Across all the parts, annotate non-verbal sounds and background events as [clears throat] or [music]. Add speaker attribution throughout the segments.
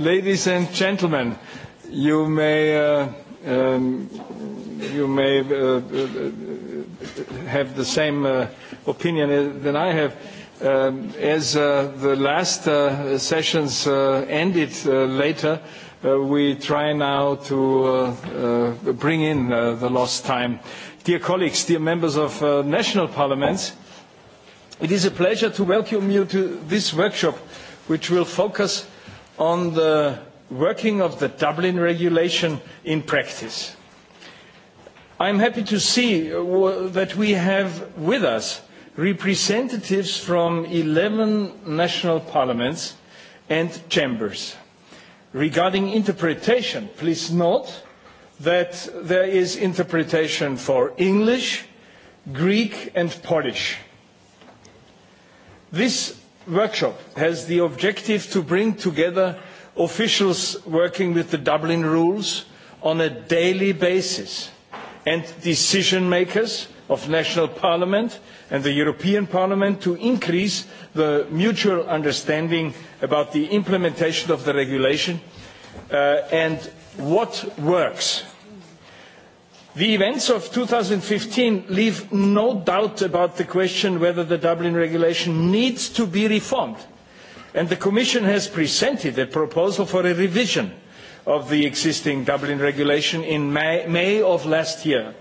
Speaker 1: Ladies and gentlemen, you may, uh, um, you may uh, uh, have the same uh, opinion than I have. Um, as uh, the last uh, sessions uh, ended uh, later, uh, we try now to uh, uh, bring in uh, the lost time. Dear colleagues, dear members of uh, national parliaments, it is a pleasure to welcome you to this workshop, which will focus on the working of the Dublin regulation in practice. I'm happy to see uh, that we have with us representatives from 11 national parliaments and chambers. Regarding interpretation, please note that there is interpretation for English, Greek and Polish. This workshop has the objective to bring together officials working with the Dublin rules on a daily basis and decision makers of national parliament and the European Parliament to increase the mutual understanding about the implementation of the regulation uh, and what works The events of 2015 leave no doubt about the question whether the Dublin regulation needs to be reformed. And the Commission has presented a proposal for a revision of the existing Dublin regulation in May, May of last year.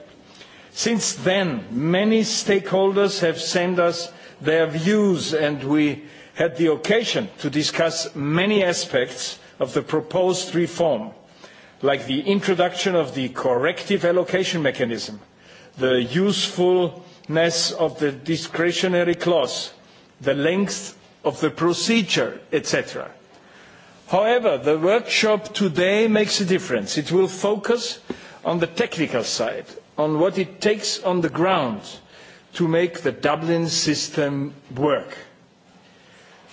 Speaker 1: Since then, many stakeholders have sent us their views and we had the occasion to discuss many aspects of the proposed reform like the introduction of the corrective allocation mechanism, the usefulness of the discretionary clause, the length of the procedure, etc. However, the workshop today makes a difference. It will focus on the technical side, on what it takes on the ground to make the Dublin system work.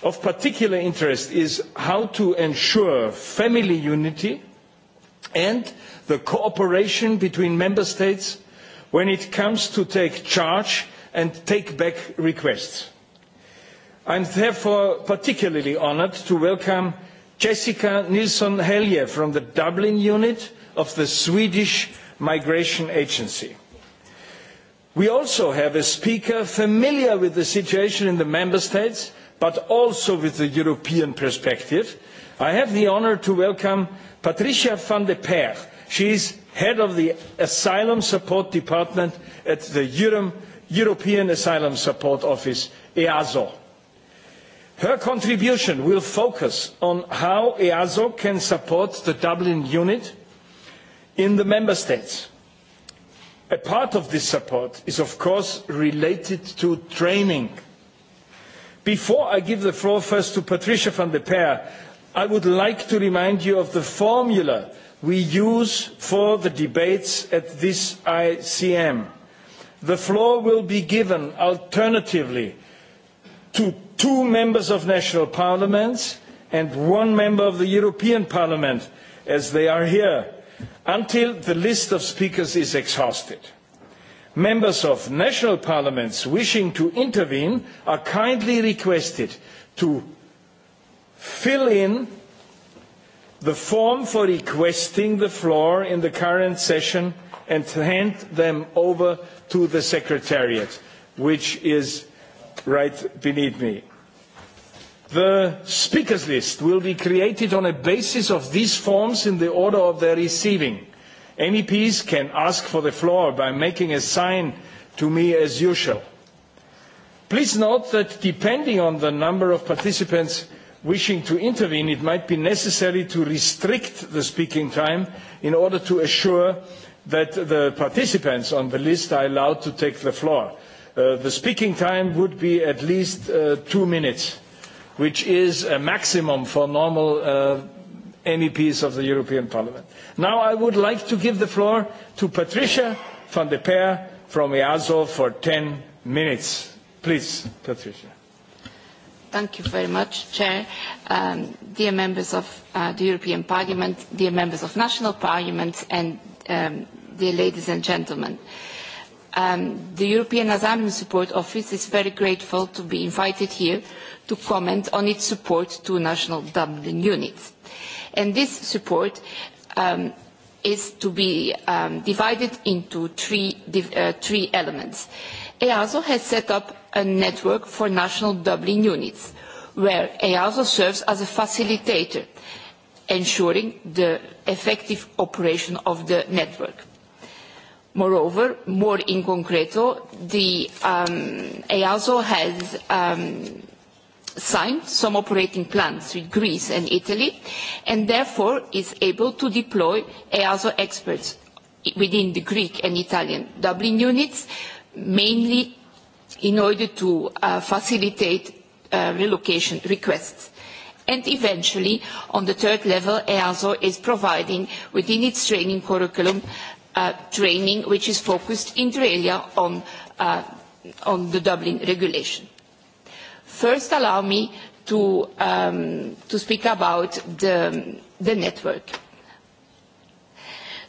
Speaker 1: Of particular interest is how to ensure family unity and the cooperation between member states when it comes to take charge and take back requests. I am therefore particularly honoured to welcome Jessica Nilsson Helje from the Dublin unit of the Swedish Migration Agency. We also have a speaker familiar with the situation in the Member States, but also with the European perspective, i have the honor to welcome Patricia van de Peer. She is head of the Asylum Support Department at the European Asylum Support Office, EASO. Her contribution will focus on how EASO can support the Dublin unit in the Member States. A part of this support is, of course, related to training. Before I give the floor first to Patricia van der Peer, i would like to remind you of the formula we use for the debates at this ICM. The floor will be given alternatively to two members of national parliaments and one member of the European Parliament, as they are here, until the list of speakers is exhausted. Members of national parliaments wishing to intervene are kindly requested to fill in the form for requesting the floor in the current session and to hand them over to the secretariat, which is right beneath me. The speakers list will be created on a basis of these forms in the order of their receiving. MEPs can ask for the floor by making a sign to me as usual. Please note that depending on the number of participants, wishing to intervene, it might be necessary to restrict the speaking time in order to assure that the participants on the list are allowed to take the floor. Uh, the speaking time would be at least uh, two minutes, which is a maximum for normal uh, MEPs of the European Parliament. Now I would like to give the floor to Patricia van de Peer from EASO for 10 minutes. Please, Patricia.
Speaker 2: Thank you very much, Chair. Um, dear members of uh, the European Parliament, dear members of national parliaments, and um, dear ladies and gentlemen. Um, the European Asylum Support Office is very grateful to be invited here to comment on its support to national Dublin units. And this support um, is to be um, divided into three, uh, three elements. EASO has set up a network for national Dublin units, where EASO serves as a facilitator, ensuring the effective operation of the network. Moreover, more in concreto, the um, EASO has um, signed some operating plans with Greece and Italy, and therefore is able to deploy EASO experts within the Greek and Italian Dublin units, mainly in order to uh, facilitate uh, relocation requests. And eventually, on the third level, EASO is providing within its training curriculum uh, training which is focused in alia on, uh, on the Dublin regulation. First, allow me to, um, to speak about the, the network.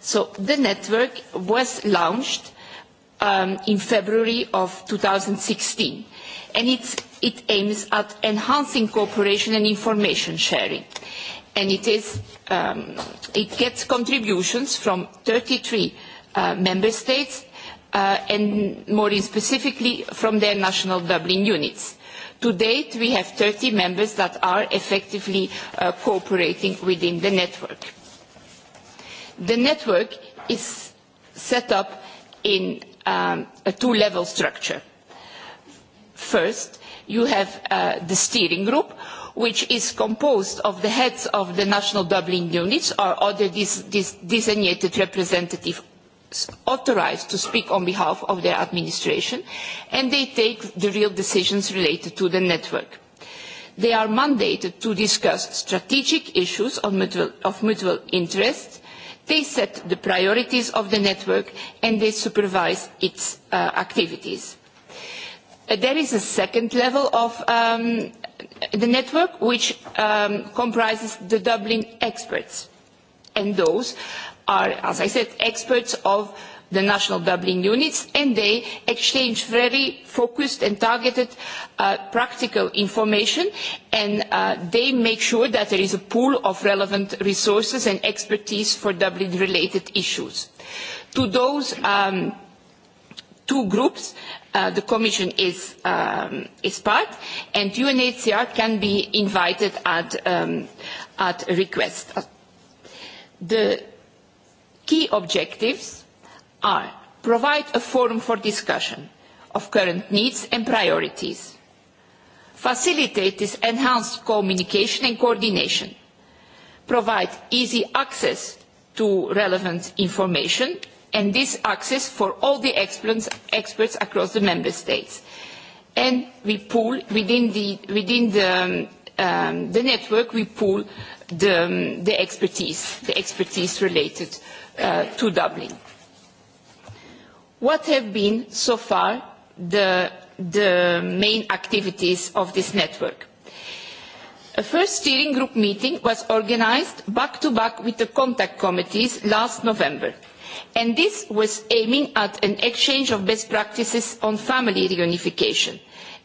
Speaker 2: So the network was launched Um, in February of 2016, and it's, it aims at enhancing cooperation and information sharing. And it, is, um, it gets contributions from 33 uh, member states, uh, and more specifically from their national Dublin units. To date, we have 30 members that are effectively uh, cooperating within the network. The network is set up in Um, a two-level structure. First, you have uh, the steering group, which is composed of the heads of the national Dublin units or other dis dis designated representatives authorised to speak on behalf of their administration, and they take the real decisions related to the network. They are mandated to discuss strategic issues of mutual, of mutual interest They set the priorities of the network and they supervise its uh, activities. Uh, there is a second level of um, the network which um, comprises the Dublin experts. And those are, as I said, experts of the national Dublin units, and they exchange very focused and targeted uh, practical information, and uh, they make sure that there is a pool of relevant resources and expertise for Dublin-related issues. To those um, two groups, Uh, the Commission is, um, is part, and UNHCR can be invited at, um, at request. The key objectives are provide a forum for discussion of current needs and priorities, facilitate this enhanced communication and coordination, provide easy access to relevant information and this access for all the experts, experts across the member states. And we pool within the, within the, um, um the network, we pool the, um, the expertise, the expertise related uh, to Dublin. What have been so far the, the main activities of this network? A first steering group meeting was organised back-to-back with the contact committees last November, and this was aiming at an exchange of best practices on family reunification,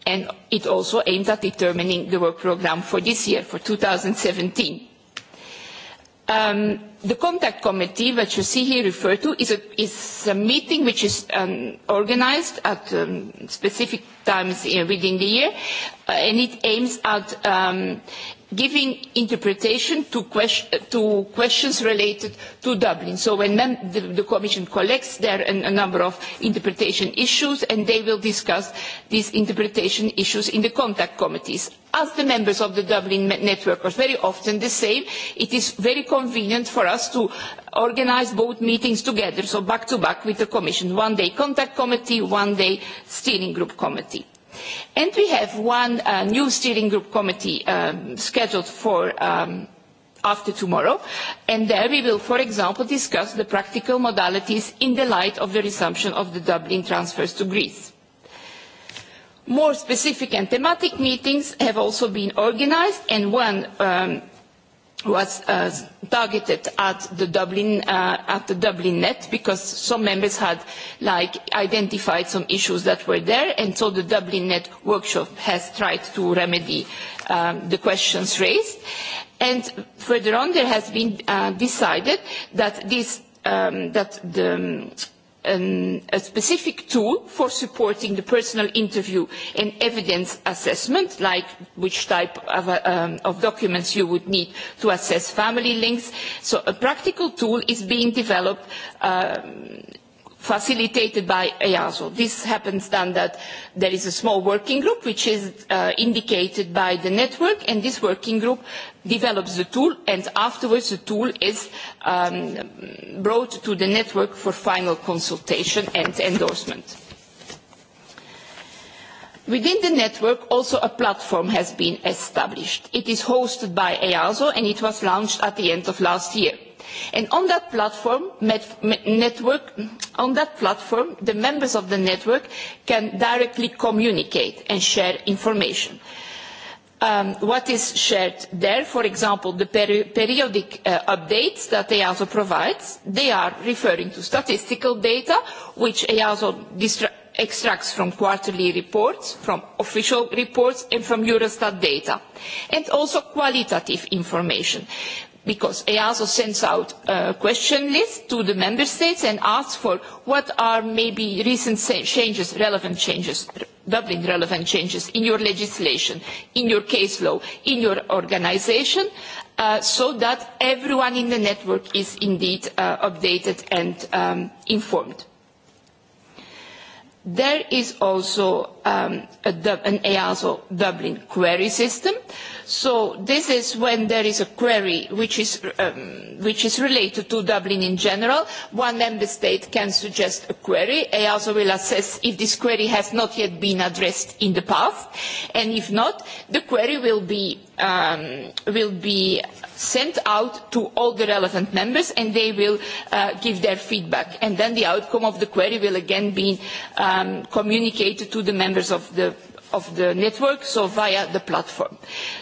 Speaker 2: and it also aimed at determining the work programme for this year, for 2017. Um, the contact committee that you see here referred to is a, is a meeting which is um, organized at um, specific times in, within the year, uh, and it aims at um, giving interpretation to, question, to questions related to Dublin. So when mem the, the Commission collects there an, a number of interpretation issues and they will discuss these interpretation issues in the contact committees. As the members of the Dublin network are very often the same, it is very convenient for us to organise both meetings together, so back to back with the Commission, one day contact committee, one day steering group committee. And we have one uh, new steering group committee um, scheduled for um, after tomorrow, and there we will, for example, discuss the practical modalities in the light of the resumption of the Dublin transfers to Greece. More specific and thematic meetings have also been organised, and one um, was uh, targeted at the Dublin uh, at the Dublin net because some members had like identified some issues that were there and so the Dublin net workshop has tried to remedy um, the questions raised and further on there has been uh, decided that this um, that the um, um, a specific tool for supporting the personal interview and evidence assessment, like which type of, uh, um, of documents you would need to assess family links. So a practical tool is being developed um, facilitated by EASO. This happens then that there is a small working group which is uh, indicated by the network and this working group develops the tool and afterwards the tool is um, brought to the network for final consultation and endorsement. Within the network, also a platform has been established. It is hosted by EASO and it was launched at the end of last year on that platform, on that platform, the members of the network can directly communicate and share information. Um, what is shared there, for example, the peri periodic uh, updates that EASO provides, they are referring to statistical data, which EASO extracts from quarterly reports, from official reports, and from Eurostat data, and also qualitative information because EASO sends out a uh, question list to the member states and asks for what are maybe recent changes, relevant changes, Dublin relevant changes in your legislation, in your case law, in your organisation, uh, so that everyone in the network is indeed uh, updated and um, informed. There is also um, a, an EASO Dublin query system. Uh, So this is when there is a query which is, um, which is related to Dublin in general. One member state can suggest a query. also will assess if this query has not yet been addressed in the past. And if not, the query will be, um, will be sent out to all the relevant members and they will uh, give their feedback. And then the outcome of the query will again be um, communicated to the members of the of the network, so via the platform.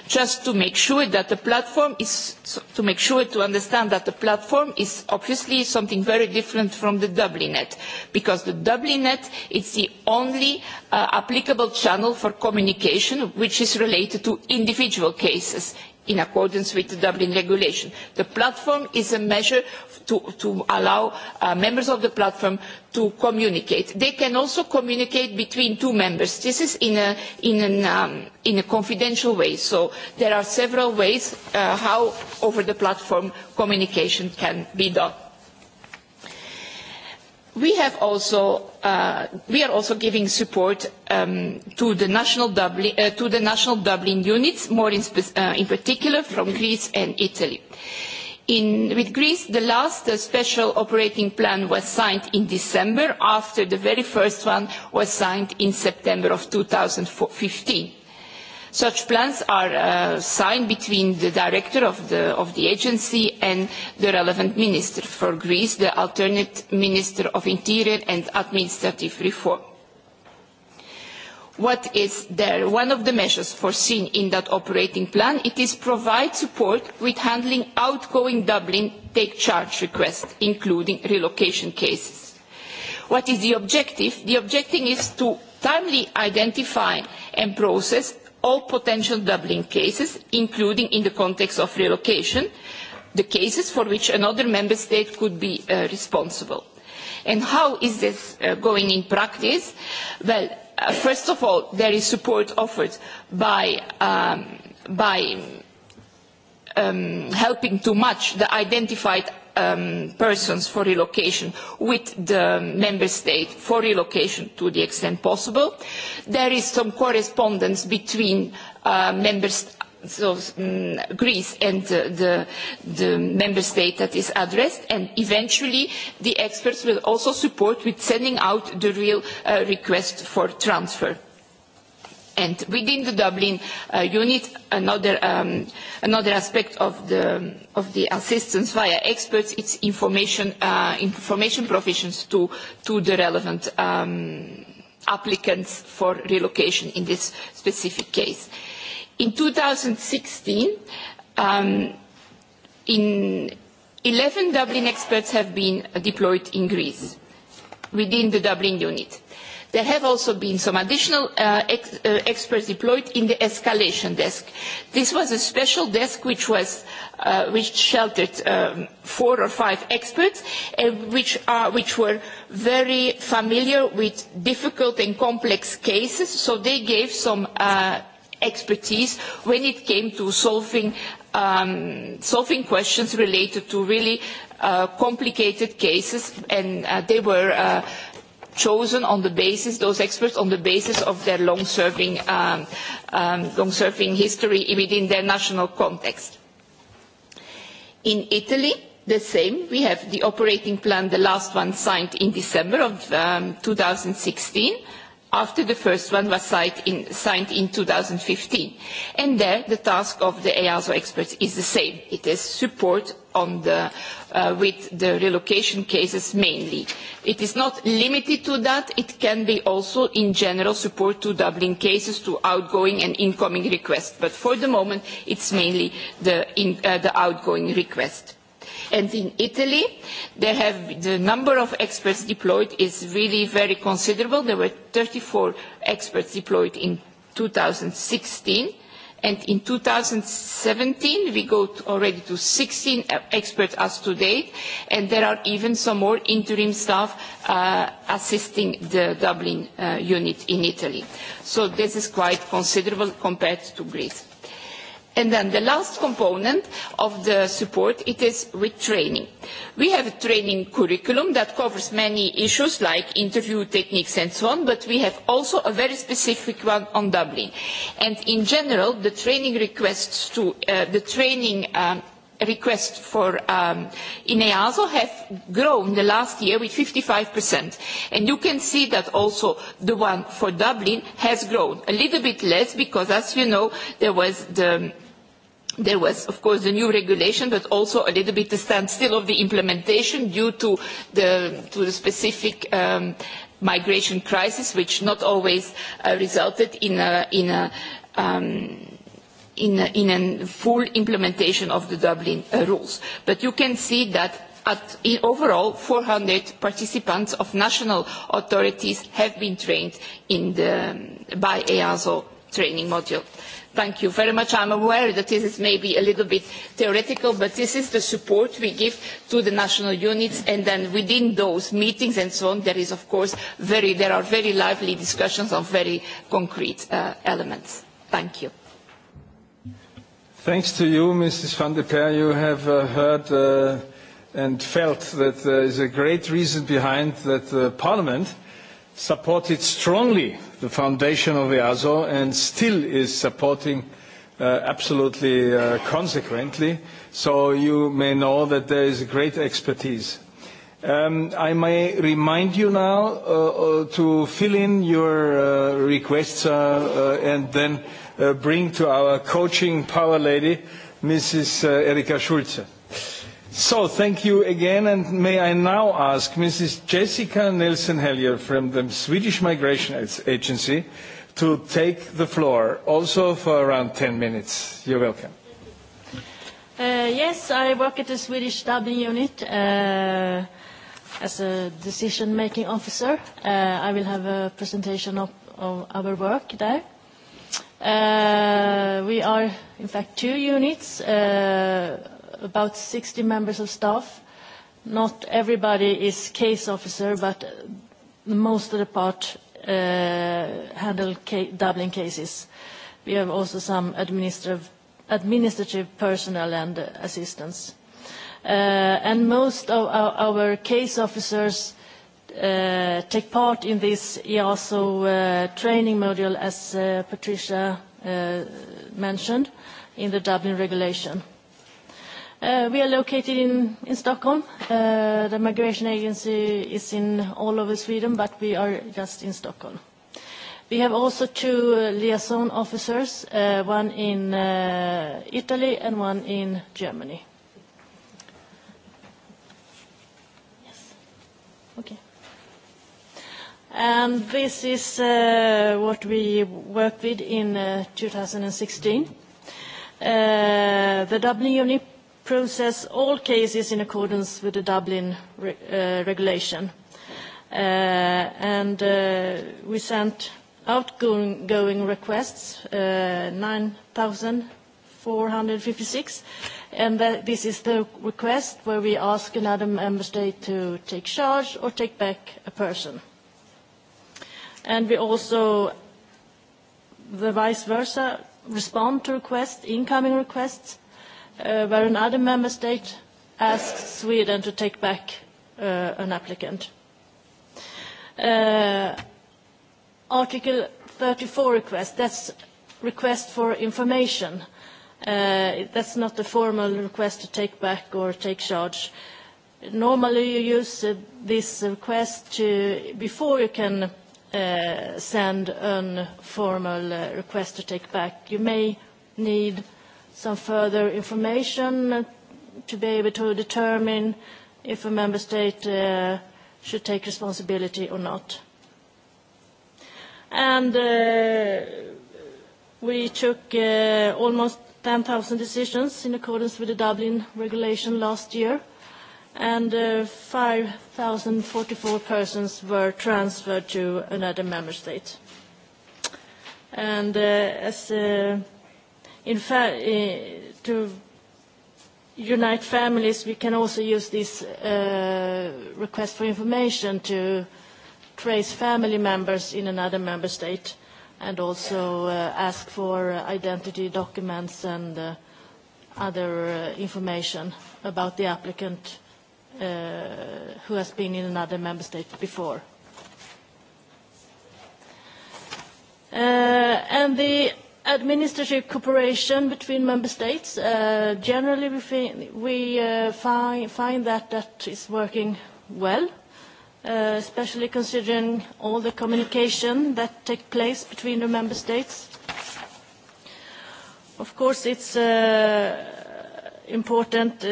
Speaker 2: Just to make sure that the platform is, to make sure to understand that the platform is obviously something very different from the Dublinet, because the Dublinet is the only uh, applicable channel for communication which is related to individual cases in accordance with the Dublin regulation. The platform is a measure to, to allow uh, members of the platform to communicate. They can also communicate between two members. This is in a, in an, um, in a confidential way. So there are several ways uh, how over the platform communication can be done. We, have also, uh, we are also giving support um, to, the national Dublin, uh, to the national Dublin units, more in, uh, in particular from Greece and Italy. In, with Greece, the last uh, special operating plan was signed in December after the very first one was signed in September of 2015 Such plans are uh, signed between the director of the, of the agency and the relevant minister. For Greece, the alternate minister of interior and administrative reform. What is there? One of the measures foreseen in that operating plan, it is provide support with handling outgoing Dublin take charge requests, including relocation cases. What is the objective? The objective is to timely identify and process all potential Dublin cases, including in the context of relocation, the cases for which another member state could be uh, responsible. And how is this uh, going in practice? Well, uh, first of all, there is support offered by, um, by um, helping to match the identified um, persons for relocation with the member state for relocation to the extent possible. There is some correspondence between uh, member so, um, Greece and the, uh, the, the, member state that is addressed and eventually the experts will also support with sending out the real uh, request for transfer And within the Dublin uh, unit, another, um, another aspect of the, of the assistance via experts is information, uh, information provisions to, to the relevant um, applicants for relocation in this specific case. In 2016, um, in 11 Dublin experts have been deployed in Greece within the Dublin unit There have also been some additional uh, ex uh, experts deployed in the escalation desk. This was a special desk which was uh, which sheltered um, four or five experts and which, are, which were very familiar with difficult and complex cases, so they gave some uh, expertise when it came to solving, um, solving questions related to really uh, complicated cases, and uh, they were uh, chosen on the basis, those experts on the basis of their long-serving um, um, long history within their national context. In Italy, the same, we have the operating plan, the last one signed in December of um, 2016, after the first one was signed in, signed in 2015. And there, the task of the EASO experts is the same. It is support Uh, with the relocation cases mainly. It is not limited to that. It can be also in general support to Dublin cases, to outgoing and incoming requests. But for the moment, it is mainly the, in, uh, the outgoing request. And in Italy, they have the number of experts deployed is really very considerable. There were 34 experts deployed in 2016 and in two thousand and seventeen we go already to sixteen uh, experts as of today and there are even some more interim staff uh, assisting the Dublin uh, unit in Italy. So this is quite considerable compared to Greece. And then the last component of the support, it is with training. We have a training curriculum that covers many issues like interview techniques and so on, but we have also a very specific one on Dublin. And in general, the training requests to, uh, the training um, request for um, in EASO have grown the last year with 55%. And you can see that also the one for Dublin has grown a little bit less because, as you know, there was the there was, of course, the new regulation, but also a little bit the standstill of the implementation due to the, to the specific um, migration crisis, which not always uh, resulted in a, in a um, in, a, in a full implementation of the Dublin uh, rules. But you can see that at in overall 400 participants of national authorities have been trained in the, by EASO training module. Thank you very much. I'm aware that this is maybe a little bit theoretical, but this is the support we give to the national units, and then within those meetings and so on, there is of course very, there are very lively discussions on very concrete uh, elements. Thank you.
Speaker 1: Thanks to you, Mrs. van der Peer. You have uh, heard uh, and felt that there is a great reason behind that uh, Parliament supported strongly the foundation of EASO and still is supporting uh, absolutely uh, consequently. So you may know that there is great expertise. Um, I may remind you now uh, uh to fill in your uh, requests uh, uh and then uh, bring to our coaching power lady, Mrs. Erika Schulze. So thank you again, and may I now ask Mrs. Jessica Nielsen Hellier from the Swedish Migration Agency to take the floor, also for around 10 minutes. You're
Speaker 3: welcome.
Speaker 4: Uh, yes, I work at the Swedish Dublin unit uh, as a decision-making officer. Uh, I will have a presentation of, of our work there. Uh, we are, in fact, two units. Uh, about 60 members of staff. Not everybody is case officer, but most of the part uh, handle Dublin cases. We have also some administrative, personnel and assistants. Uh, and most of our, case officers uh, take part in this EASO training module, as Patricia mentioned, in the Dublin regulation. Uh, we are located in, in Stockholm. Uh, the migration agency is in all over Sweden, but we are just in Stockholm. We have also two uh, liaison officers, uh, one in uh, Italy and one in Germany. Yes. Okay. And this is uh, what we worked with in uh, 2016. Uh, the Dublin unit process all cases in accordance with the Dublin re uh, regulation. Uh, and uh, we sent outgoing requests, uh, 9,456, and that this is the request where we ask another member state to take charge or take back a person. And we also, the vice versa, respond to requests, incoming requests, uh, eh, where another member state asks Sweden to take back uh, an applicant. Uh, Article 34 request, that's request for information. Uh, that's not a formal request to take back or take charge. Normally you use uh, this request to, before you can uh, send a formal uh, request to take back. You may need some further information to be able to determine if a member state uh, should take responsibility or not. And uh, we took uh, almost 10,000 decisions in accordance with the Dublin regulation last year, and uh, 5,044 persons were transferred to another member state. And uh, as uh, in fa eh, to unite families, we can also use this uh, request for information to trace family members in another member state and also uh, ask for identity documents and uh, other uh, information about the applicant uh, who has been in another member state before. Uh, and the administrative cooperation between member states. Uh, generally, we, fi we uh, fi find that that is working well, uh, especially considering all the communication that takes place between the member states. Of course, it's uh, important,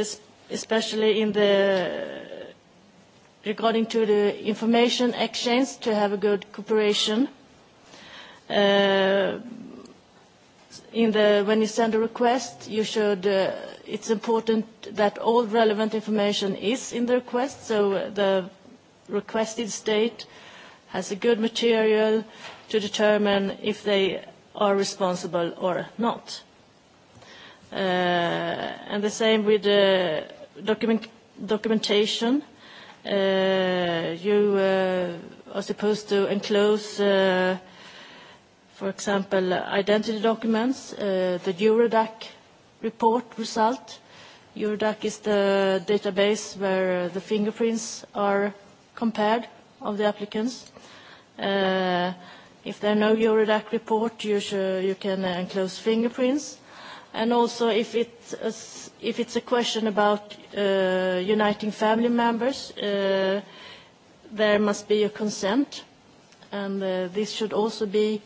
Speaker 4: especially in the regarding to the information exchange, to have a good cooperation. Uh, in the, when you send a request, you should, uh, it's important that all relevant information is in the request, so uh, the requested state has a good material to determine if they are responsible or not. Uh, and the same with uh, document, documentation. Uh, you uh, are supposed to enclose uh, for example, identity documents, uh, the Eurodac report result. Eurodac is the database where uh, the fingerprints are compared of the applicants. Uh, if there are no Eurodac report, you, should, you can enclose fingerprints. And also, if it's a, uh, if it's a question about uh, uniting family members, uh, there must be a consent, and uh, this should also be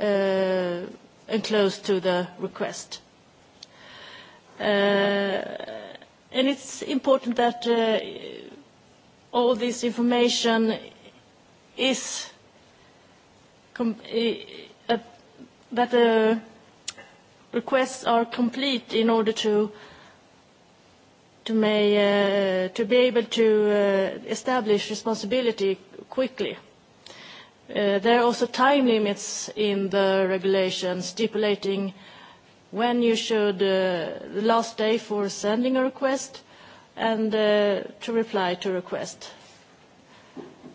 Speaker 4: uh, enclosed to the request. Uh, and it's important that uh, all this information is com uh, uh, that the requests are complete in order to to, may, uh, to be able to uh, establish responsibility quickly. Uh, there are also time limits in the regulation stipulating when you should, uh, the last day for sending a request and uh, to reply to request.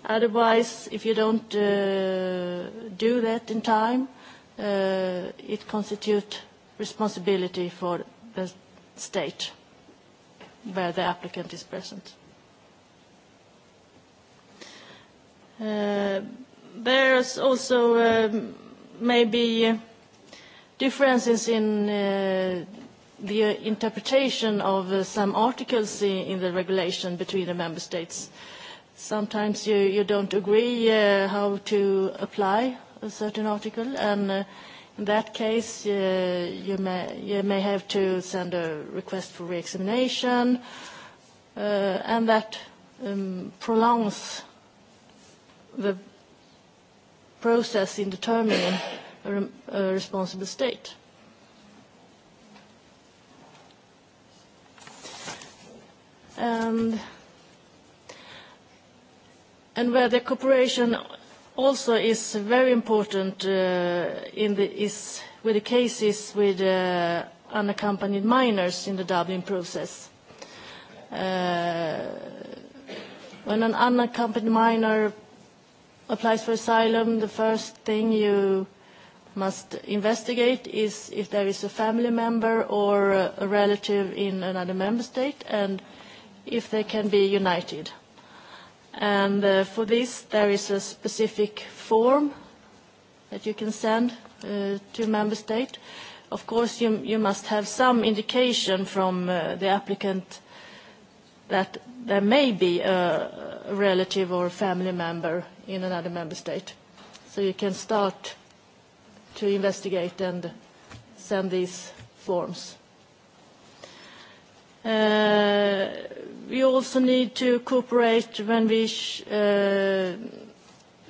Speaker 4: Otherwise, if you don't do that in time, it constitute responsibility for the state where the applicant is present. There's also um, maybe differences in uh, the interpretation of uh, some articles in the regulation between the member states. Sometimes you, you don't agree uh, how to apply a certain article, and uh, in that case, uh, you, may, you may have to send a request for re-examination, uh, and that um, prolongs the process in determining a, re a responsible state. And, and where the cooperation also is very important uh, in the, is with the cases with uh, unaccompanied minors in the Dublin process. Uh, when an unaccompanied minor applies for asylum, the first thing you must investigate is if there is a family member or a relative in another member state and if they can be united. And uh, for this, there is a specific form that you can send uh, to member state. Of course, you, you must have some indication from uh, the applicant that there may be a relative or family member in another member state. So you can start to investigate and send these forms. Uh, we also need to cooperate when we uh,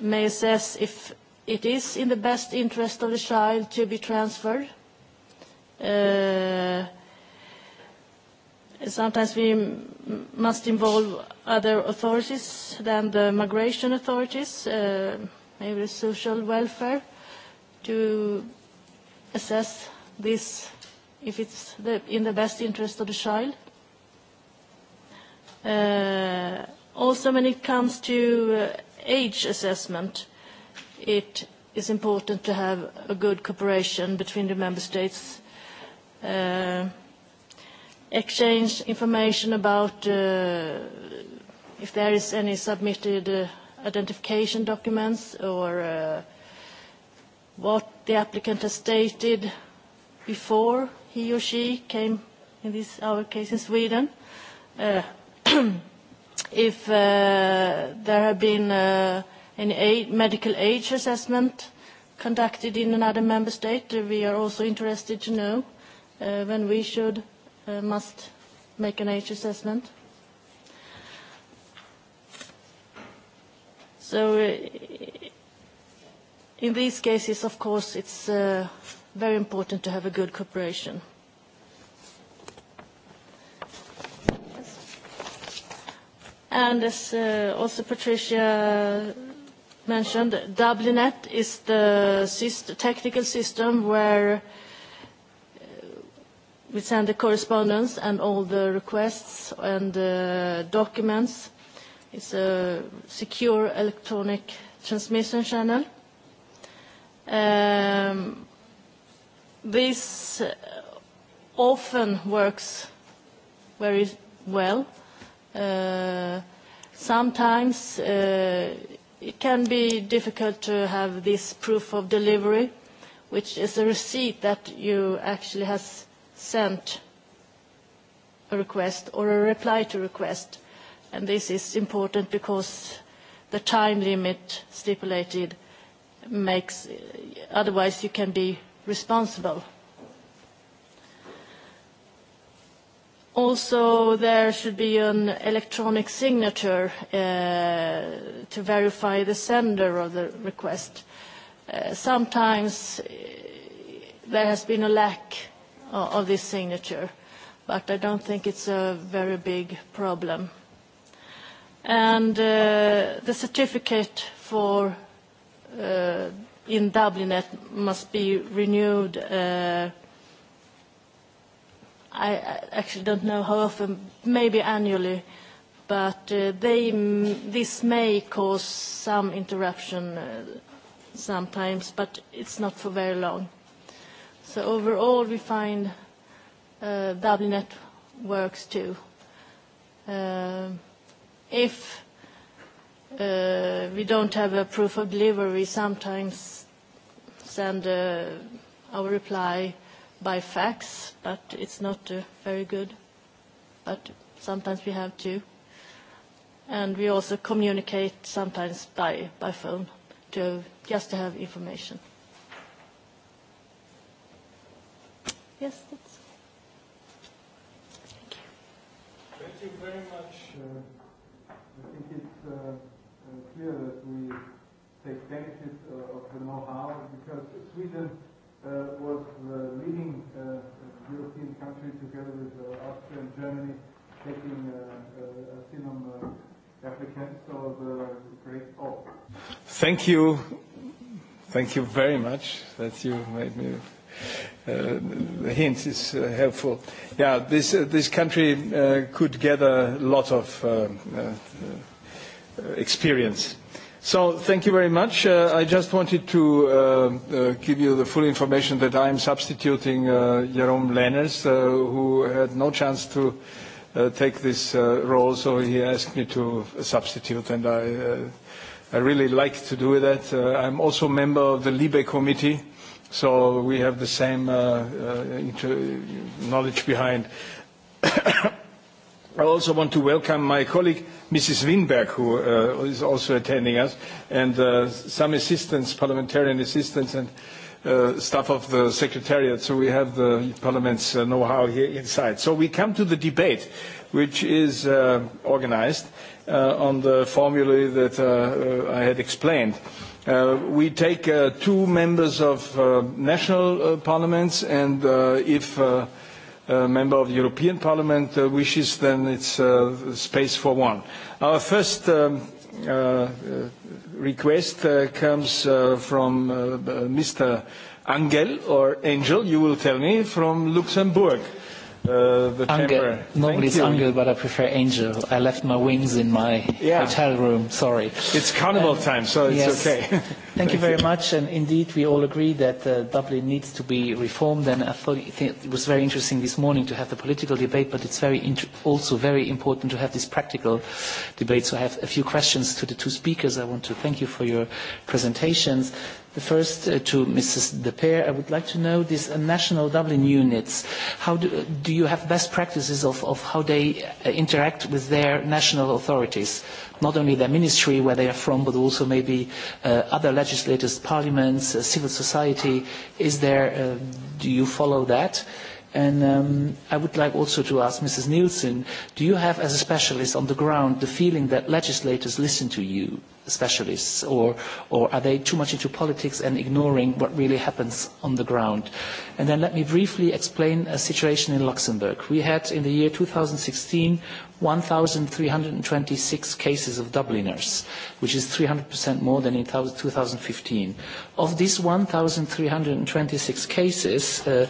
Speaker 4: may assess if it is in the best interest of the child to be transferred. Uh, sometimes we must involve other authorities than the migration authorities, uh, maybe the social welfare, to assess this if it's the, in the best interest of the child. Uh, also, when it comes to uh, age assessment, it is important to have a good cooperation between the member states. Uh, exchange information about uh, if there is any submitted uh, identification documents or uh, what the applicant has stated before he or she came, in this our case in Sweden. Uh, [clears throat] if uh, there have been uh, any aid, medical age assessment conducted in another member state, uh, we are also interested to know uh, when we should – uh, must make an age assessment. So uh, in these cases, of course, it's uh, very important to have a good cooperation. And as uh, also Patricia mentioned, Dublinet is the syst technical system where uh, We send the correspondence and all the requests and uh, documents. It's a secure electronic transmission channel. Um, this uh, often works very well. Uh, sometimes uh, it can be difficult to have this proof of delivery, which is a receipt that you actually has sent a request or a reply to request. And this is important because the time limit stipulated makes, otherwise you can be responsible. Also, there should be an electronic signature uh, to verify the sender of the request. Uh, sometimes uh, there has been a lack of this signature, but I don't think it's a very big problem. And uh, the certificate for uh, in Dublinet must be renewed. Uh, I actually don't know how often, maybe annually, but uh, they, this may cause some interruption uh, sometimes, but it's not for very long. So overall, we find uh, Dublinet works too. Uh, if uh, we don't have a proof of delivery, sometimes send uh, our reply by fax, but it's not uh, very good. But sometimes we have to. And we also communicate sometimes by, by phone to just to have information.
Speaker 1: Yes, that's. Thank you. Thank you very much. Uh, I think it's uh, uh, clear that we take benefit uh, of the know-how because Sweden uh, was the leading uh, uh European country together with uh, Austria and Germany taking uh, uh, asylum uh, applicants. So the great hope. Thank you. Thank you very much that you made me uh, hint is uh, helpful. Yeah, this, uh, this country uh, could gather a lot of uh, uh, experience. So thank you very much. Uh, I just wanted to uh, uh, give you the full information that I am substituting uh, Jerome Lenners, uh, who had no chance to uh, take this uh, role, so he asked me to substitute, and I, uh, I really like to do that. Uh, I'm also a member of the Libe Committee, So we have the same uh, uh, knowledge behind. [coughs] I also want to welcome my colleague, Mrs. Winberg, who uh, is also attending us, and uh, some assistants, parliamentarian assistants, and uh, staff of the Secretariat. So we have the Parliament's uh, know-how here inside. So we come to the debate, which is uh, organized uh, on the formulae that uh, uh, I had explained. Uh, Uh, we take uh, two members of uh, national uh, parliaments, and uh, if a member of the European Parliament wishes, then it's space for one. Our first um, request comes from Mr. Angel, or Angel, you will tell me, from Luxembourg.
Speaker 5: Uh, the Angel. chamber. Normally Angel, but I prefer Angel. I left my wings in my yeah. hotel room. Sorry. It's carnival um, time, so it's yes. okay. Thank, [laughs] Thank you very you. much. And indeed, we all agree that uh, Dublin needs to be reformed. And I thought it was very interesting this morning to have the political debate, but it's very int- also very important to have this practical debate. So I have a few questions to the two speakers. I want to thank you for your presentations. The first uh, to Mrs. Depere, I would like to know these uh, national Dublin units. How do, uh, do you have best practices of, of how they uh, interact with their national authorities? Not only their ministry, where they are from, but also maybe uh, other legislators, parliaments, uh, civil society. Is there, uh, do you follow that? Uh, And um, I would like also to ask Mrs. Nielsen, do you have, as a specialist on the ground, the feeling that legislators listen to you, specialists, or, or are they too much into politics and ignoring what really happens on the ground? And then let me briefly explain a situation in Luxembourg. We had, in the year 2016, 1,326 cases of Dubliners, which is 300% more than in 2015. Of these 1,326 cases, uh,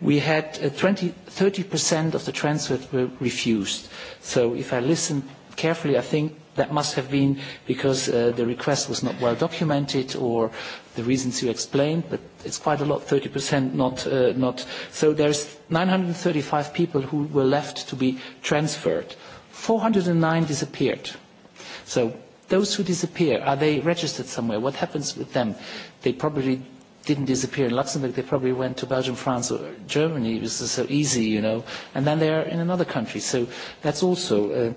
Speaker 5: we had 20, uh, 30% of the transfers were refused. So if I listen carefully, I think that must have been because uh, the request was not well documented or the reasons you explained, but it's quite a lot, 30% not, uh, not. So there's 935 people who were left to be transferred. 409 disappeared. So those who disappear, are they registered somewhere? What happens with them? They probably didn't disappear in Luxembourg. They probably went to Belgium, France, or Germany. It was so easy, you know. And then they are in another country. So that's also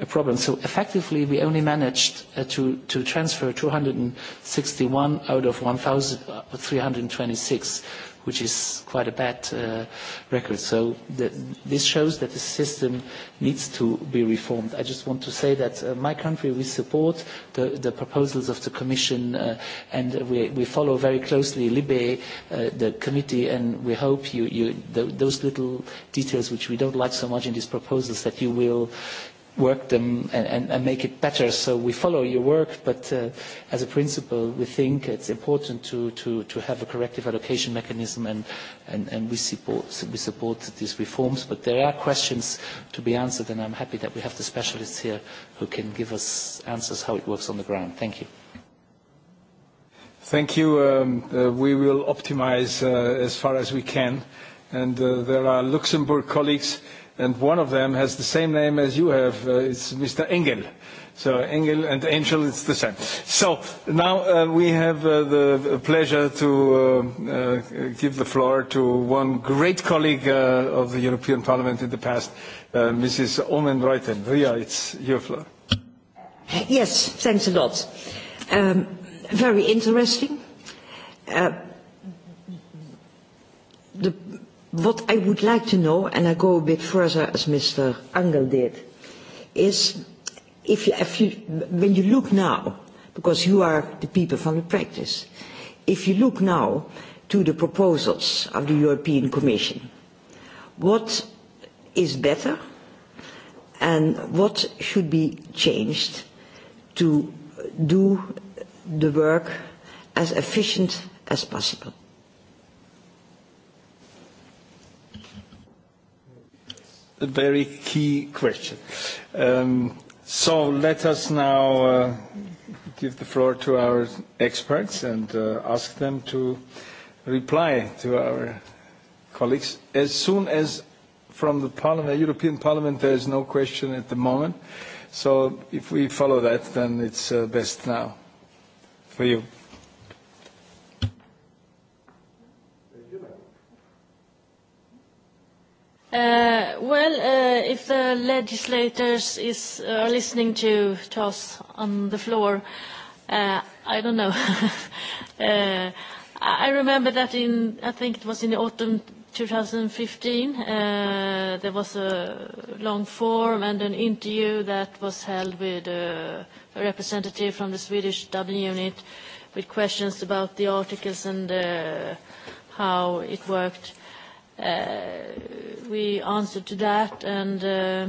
Speaker 5: a problem. So effectively, we only managed uh, to, to transfer 261 out of 1,326 which is quite a bad uh, record. So the, this shows that the system needs to be reformed. I just want to say that uh, my country, we support the, the proposals of the Commission uh, and we, we follow very closely Libe, uh, the committee, and we hope you, you, the, those little details which we don't like so much in these proposals that you will work them and, and, and make it better. So we follow your work, but uh, as a principle, we think it's important to, to, to have a corrective allocation mechanism, and, and, and we, support, we support these reforms. But there are questions to be answered, and I'm happy that we have the specialists here who can give us answers how it works on the ground. Thank you.
Speaker 1: Thank you. Um, uh, we will optimize uh, as far as we can. And uh, there are Luxembourg colleagues and one of them has the same name as you have. Uh, it's Mr. Engel. So Engel and Angel, it's the same. So now uh, we have uh, the pleasure to uh, uh, give the floor to one great colleague uh, of the European Parliament in the past, uh, Mrs. Omen Reuten. Ria, it's your floor.
Speaker 6: Yes, thanks a lot. Um, very interesting. Uh, What I would like to know, and I go a bit further as Mr. Angel did, is if you, if you, when you look now, because you are the people from the practice, if you look now to the proposals of the European Commission, what is better and what should be changed to do the work as efficient as possible?
Speaker 1: a very key question. Um, so let us now uh, give the floor to our experts and uh, ask them to reply to our colleagues. As soon as from the parliament, European Parliament, there is no question at the moment. So if we follow that, then it's uh, best now for you.
Speaker 4: Uh, well, uh, if the legislators is, are listening to, to us on the floor, uh, I don't know. [laughs] uh, I remember that in, I think it was in the autumn 2015, uh, there was a long form and an interview that was held with a, uh, a representative from the Swedish Dublin unit with questions about the articles and uh, how it worked. Uh, we answered to that, and uh,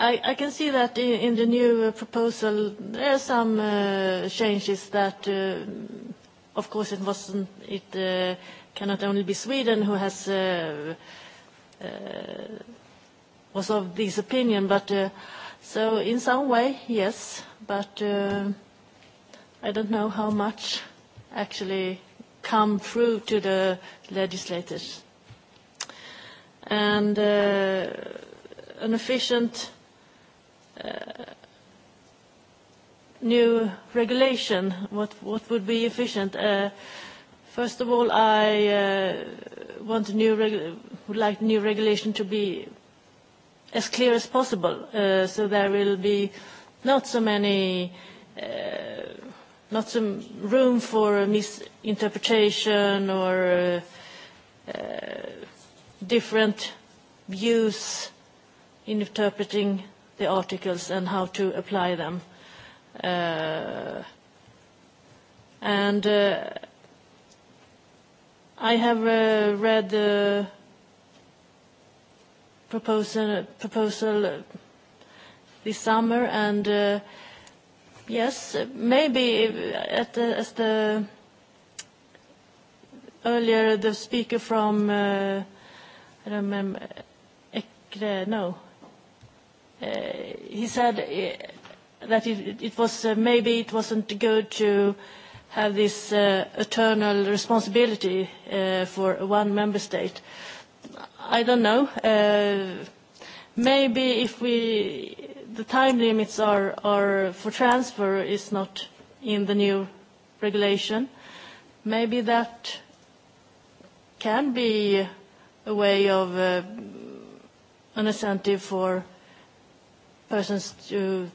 Speaker 4: I, can see that in, the new uh, proposal, there are some changes that, of course, it it cannot only be Sweden who has was of this opinion, but so in some way, yes, but I don't know how much actually come through to the legislators. And uh, an efficient uh, new regulation, what, what would be efficient? Uh, first of all, I uh, want a new would like new regulation to be as clear as possible, uh, so there will be not so many uh, not some room for misinterpretation or uh, uh, different views in interpreting the articles and how to apply them. Uh, and uh, I have uh, read the proposal, proposal this summer, and uh, Yes, maybe at the, as the earlier the speaker from, uh, I don't remember, no. Uh, he said uh, that it, it was uh, maybe it wasn't good to have this uh, eternal responsibility uh, for one member state. I don't know. Uh, maybe if we the time limits are, are for transfer is not in the new regulation. Maybe that can be a way of uh, an incentive for persons to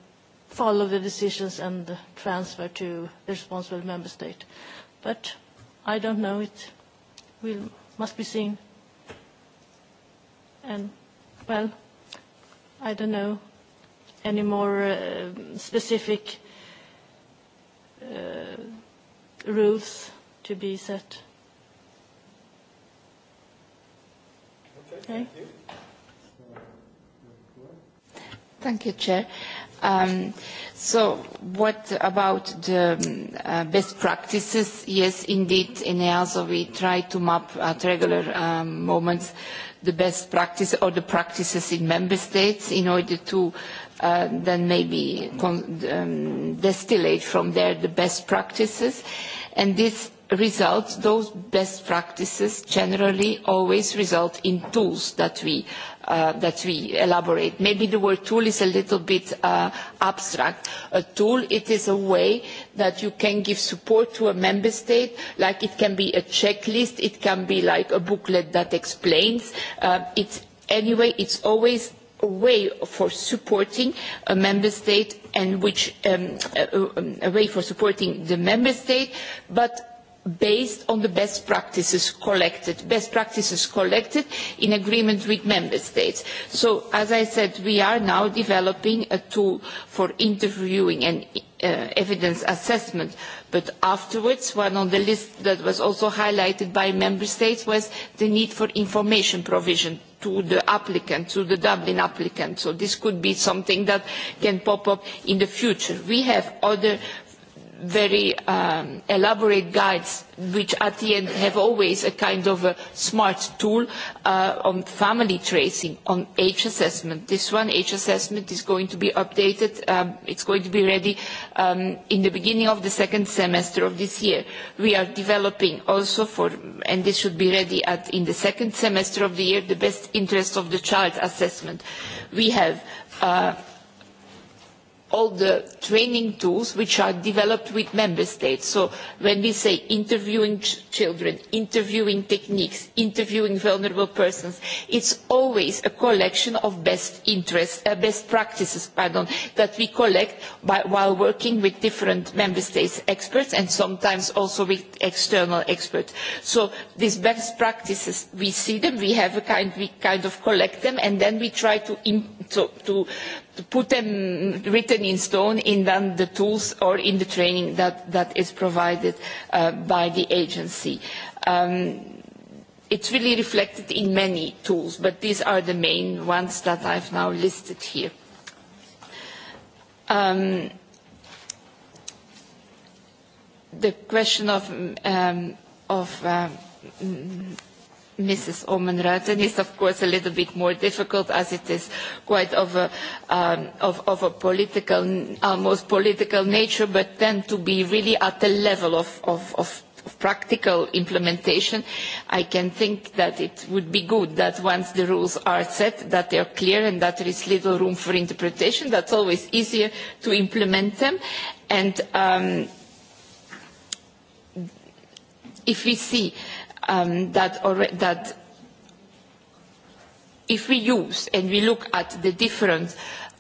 Speaker 4: follow the decisions and transfer to the responsible member state. But I don't know. It will, must be seen. And, well, I don't know any more uh, specific uh, rules to be set? Okay. Thank you.
Speaker 2: Thank you, Chair. Um, so what about the um, uh, best practices? Yes, indeed, in EASO we try to map at regular um, moments the best practice or the practices in member states in order to uh, then maybe con um, distillate from there the best practices. And this results, those best practices generally always result in tools that we Uh, that we elaborate. Maybe the word tool is a little bit uh, abstract. A tool, it is a way that you can give support to a member state, like it can be a checklist, it can be like a booklet that explains. Uh, it's, anyway, it's always a way for supporting a member state and which um, a, a way for supporting the member state, but based on the best practices collected, best practices collected in agreement with member states. So, as I said, we are now developing a tool for interviewing and uh, evidence assessment. But afterwards, one on the list that was also highlighted by member states was the need for information provision to the applicant, to the Dublin applicant. So this could be something that can pop up in the future. We have other very um, elaborate guides which at the end have always a kind of a smart tool uh, on family tracing, on age assessment. This one, age assessment, is going to be updated. Um, it's going to be ready um, in the beginning of the second semester of this year. We are developing also for, and this should be ready at, in the second semester of the year, the best interest of the child assessment. We have uh, all the training tools which are developed with member states. So when we say interviewing ch children, interviewing techniques, interviewing vulnerable persons, it's always a collection of best interests, uh, best practices, pardon, that we collect by, while working with different member states experts and sometimes also with external experts. So these best practices, we see them, we have a kind, we kind of collect them, and then we try to, in, to, to to put them written in stone in the, the tools or in the training that, that is provided uh, by the agency. Um, it's really reflected in many tools, but these are the main ones that I've now listed here. Um, the question of, um, of uh, Mrs. Oomen Ruijten is of course a little bit more difficult as it is quite of a, um, of, of a political, almost political nature, but then to be really at the level of, of, of of practical implementation, I can think that it would be good that once the rules are set, that they are clear and that there is little room for interpretation. That's always easier to implement them. And um, if we see um, that, that if we use and we look at the different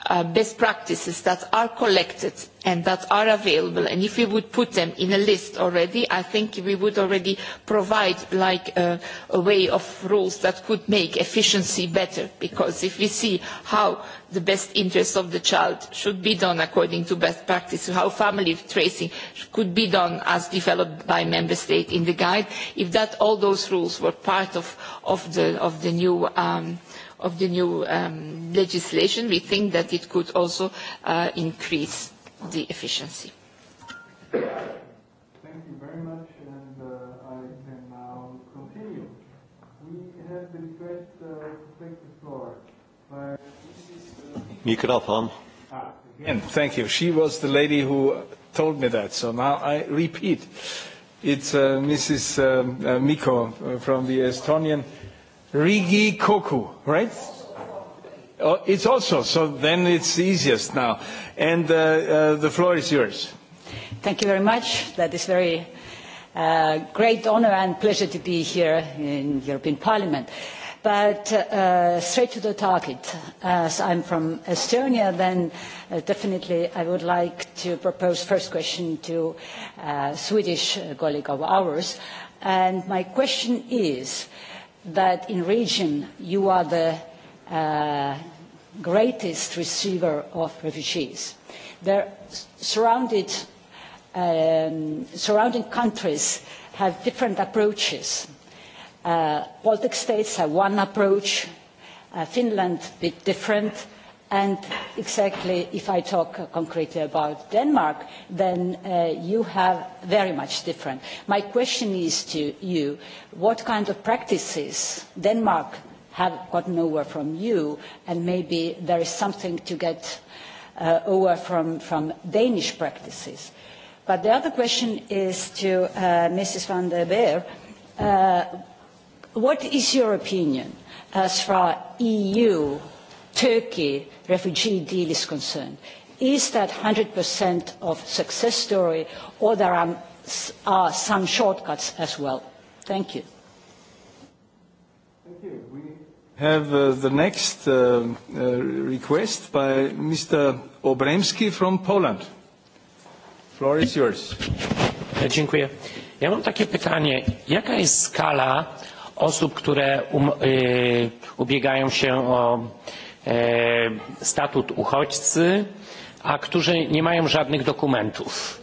Speaker 2: Uh, best practices that are collected and that are available. And if we would put them in a list already, I think we would already provide like a, uh, a way of rules that could make efficiency better. Because if we see how the best interests of the child should be done according to best practice, how family tracing could be done as developed by member state in the guide, if that all those rules were part of, of, the, of the new um, uh, of the new um, legislation, we think that it could also uh, increase the efficiency. Thank
Speaker 5: you very much, and
Speaker 1: uh, I can now continue. We have the request uh, to take the floor by Microphone. Ah, again, thank you. She was the lady who told me that, so now I repeat. It's uh, Mrs. Um, uh, Miko uh, from the Estonian Rigi Koku, right? Oh, it's also, so then it's easiest now. And uh, uh, the floor is yours.
Speaker 7: Thank you very much. That is very uh, great honor and pleasure to be here in European Parliament. But uh, straight to the target, as I'm from Estonia, then uh, definitely I would like to propose first question to uh, Swedish colleague of ours. And my question is, uh, that in region you are the uh, greatest receiver of refugees. The surrounded, um, surrounding countries have different approaches. Uh, Baltic states have one approach, uh, Finland a bit different, And exactly, if I talk concretely about Denmark, then uh, you have very much different. My question is to you, what kind of practices Denmark have gotten over from you, and maybe there is something to get uh, over from, from Danish practices. But the other question is to uh, Mrs. van der Beer. Uh, what is your opinion as far as EU Turkey refugee deal is concerned. Is that 100% of success story or there are, are some shortcuts as well? Thank you.
Speaker 1: Thank you. We have uh, the next uh, uh, request by Mr. Obremski from Poland. Floor is yours.
Speaker 3: E, dziękuję. Ja mam takie pytanie. Jaka jest skala osób, które um, y, ubiegają się o E, statut uchodźcy, a którzy nie mają żadnych dokumentów.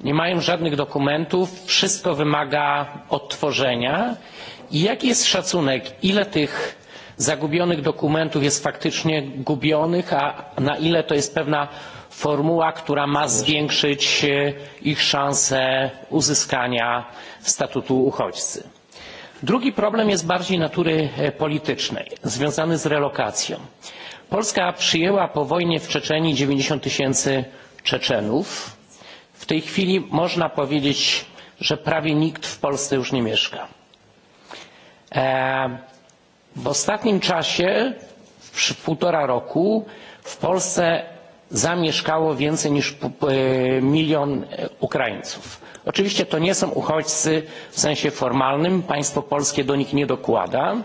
Speaker 3: Nie mają żadnych dokumentów, wszystko wymaga odtworzenia. I jaki jest szacunek, ile tych zagubionych dokumentów jest faktycznie gubionych, a na ile to jest pewna formuła, która ma zwiększyć e, ich szanse uzyskania statutu uchodźcy. Drugi problem jest bardziej natury e, politycznej, związany z relokacją. Polska przyjęła po wojnie w Czeczenii 90 tysięcy Czeczenów. W tej chwili można powiedzieć, że prawie nikt w Polsce już nie mieszka. E, w ostatnim czasie, w półtora roku, w Polsce zamieszkało więcej niż e, milion e, Ukraińców. Oczywiście to nie są uchodźcy w sensie formalnym, państwo polskie do nich nie dokłada,